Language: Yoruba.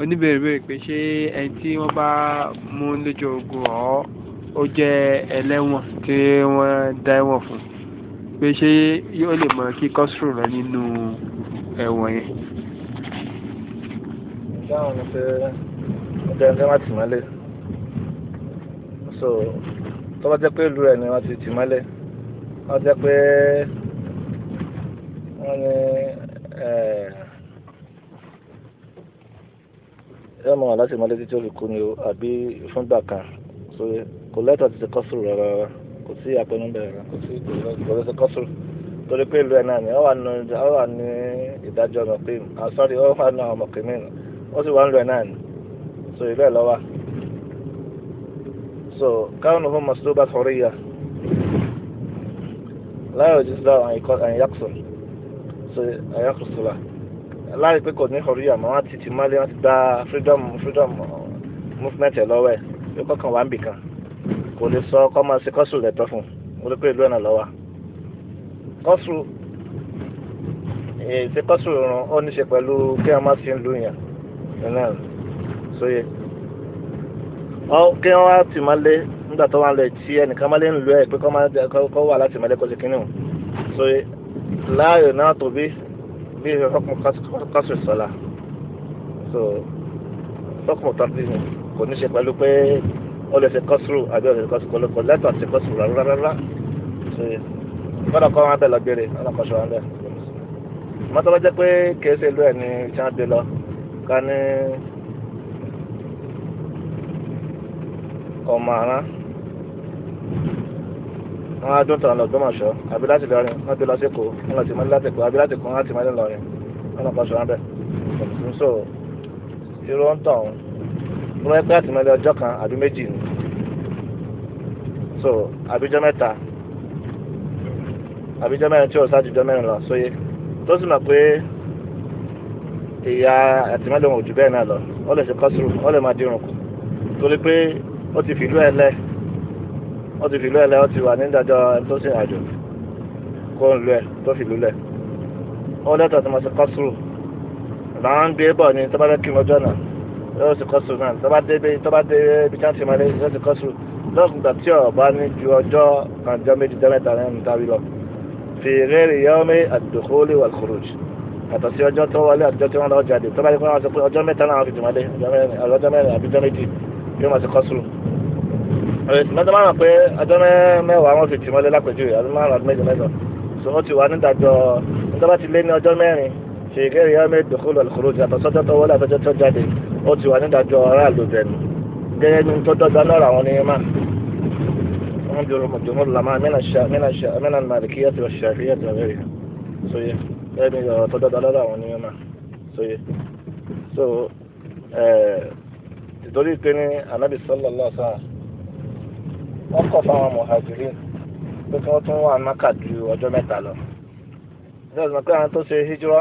oníbèrè bèrè pé ṣé ẹni tí wọ́n bá mú lójú ogun ọ̀ ó jẹ́ ẹlẹ́wọ̀n tí wọ́n dá ẹ̀wọ̀n fún pé ṣé yóò lè mọ kí kọ́sùrù rẹ nínú ẹ̀wọ̀n yẹn. dáhùn ni pé ó jẹ́ ẹgbẹ́ wọn ti mọ́lẹ̀ so tó bá jẹ́ pé ìlú rẹ̀ ni wọ́n ti tì mọ́lẹ̀ wọ́n jẹ́ pé wọ́n ní ẹ̀ẹ́. ẹ mọ̀ láti mọ létí tí ó fi kú ni o àbí fúngbà kan so kò lẹ́tọ̀ ti ṣe kọ́sùrù rárá rárá kò sí àpẹnu bẹ̀rẹ̀ rárá kò sí kò lẹ́tọ̀ kọ́sùrù torí pé ìlú ẹ̀ náà ni ọ wà ní ìdájọ́ mọ̀kìm àsọ́rí ọ wà ní àwọn mọ̀kìmí ó sì wà ń lu ẹ̀ náà ni so ìlú ẹ̀ lọ́wọ́ so káwọn ọ̀hún mọ̀sílú bá sọ̀rọ̀ yà láyọ̀ jísìlá àyìn yàkùsùn so àyàkùsùn là láì pé kò ní horiya mọ́ wọ́n ti ti mọ́lé wọ́n gba freedom freedom movement ẹ̀ lọ́wọ́ ẹ̀ pé kọ́kàn wá ń bì kan kò lè sọ kọ́ máa ṣe kọ́sùrù rẹ̀ tọ́ fún un ó lè pé ìlú ẹ̀ náà lọ́wọ́ kọ́sùrù ètò kọ́sùrù ràn ó ní ṣe pẹ̀lú kí wọ́n má sí ìlú yẹn ẹ̀nà sóye kí wọ́n wá tì mọ́lé nígbà tó wọ́n lọ tí ẹnìkan mọ́lé ń lu ẹ̀ pé kọ́ wà láti mọ́lé kó ṣe kínní فيه حكم قصر الصلاة so حكم ترتيبه kò ní ṣe pẹ̀lú pé ó lè ṣe kọ́sùrù àbí ó lè ṣe kọ́sùrù kọ́lọ́kọ́ lẹ́tọ̀ ṣe kọ́sùrù rárá rárá ṣe gbọ́dọ̀ kọ́ wọn bẹ́ẹ̀ lọ gbére ọ̀nà kọ́ṣọ́ wọn bẹ́ẹ̀. mọ́tò bá jẹ́ pé kìí ṣe ìlú ẹ̀ ní tí wọ́n gbé lọ wọn á dún tàn lọ Ògbómọ̀ṣọ́ àbí láti lọrin wọn gbé lọ sí Èkó wọn lọ tì mọ́ láti Èkó àbí láti Èkó wọn á tì lọrin wọn lọ kọ́ sọ wọn bẹ̀ so irú ń tàn wọn wọn pẹ́ àti mọ́lẹ̀ ọjọ́ kan àbí méjì ni so àbíjọ́ mẹ́ta àbíjọ́ mẹ́rin tí o sájújọ́ mẹ́rin lọ sóye tó sì mọ̀ pé ìyá àtìmọ́lẹ̀ òun bẹ́ẹ̀ náà lọ ó lè ṣe kọ́sùrù ó lè máa dín kù torí pé ó ti fìlú ẹ̀ lẹ́ẹ̀ wọ́n ti fìlú ẹ̀ lẹ́ wọ́n ti wà ní ìdájọ́ tó sì àjò kó ń lu ẹ̀ tó fìlú lẹ̀ wọ́n lẹ́tọ̀ tó máa ṣe kọ́sùrù làwọn ń gbé bọ̀ ní tó bá fẹ́ kí lọ́jọ́ náà yóò ṣe kọ́sùrù náà tó bá dé tó bá dé ibi tí wọ́n ti máa lé yóò ṣe kọ́sùrù lọ́kùnkà tí ọ̀rọ̀ ní ju ọjọ́ kan jọ méjì jọ mẹ́ta lẹ́nu tàbí lọ fi rẹ́rì yọ́mí àdókòólé wà kúròjì yàtọ̀ sí ọjọ́ tó wọlé àtijọ́ tí wọ́n lọ jáde tó bá dé ọjọ́ mẹ́ta náà wọ́n fi jùmọ́ dé ọjọ́ mẹ́rin àbí ọjọ́ méjì yóò máa ṣe kọ́sùrù mẹ́tọ́ eh, máa ń pẹ́ ọjọ́ mẹ́wàá wọn fi tì mọ́lé lápẹ̀jùwe ọdún márùn ọdún mẹ́jọ mẹ́jọ so wọ́n ti wà nídàjọ́ nígbà tí lé ní ọjọ́ mẹ́rin ṣe ìkẹ́rì yá mẹ́jọ kó lọ lọ́kọ́rọ́ jù àtọ́sọ́jọ́ tó wọlé àtọ́jọ́ tó jáde ó ti wà nídàjọ́ ọ̀rá àlòjẹ̀nu gẹ́gẹ́ ní tó dọ́gba náírà wọn ní má wọ́n bí orúkọ jùmọ̀ làmá mẹ́nà màlìkíyà ti wà ṣàfihàn ti wà bẹ́ẹ̀ so ẹ̀ tìtorí eh, pé ní anábì sallallahu alaihi wasallam wọ́n kọ̀ fáwọn muhajirin pé kí wọ́n tún wà ní maka ju ọjọ́ mẹ́ta lọ. ìjọba ìgbà pé àwọn tó ṣe hijira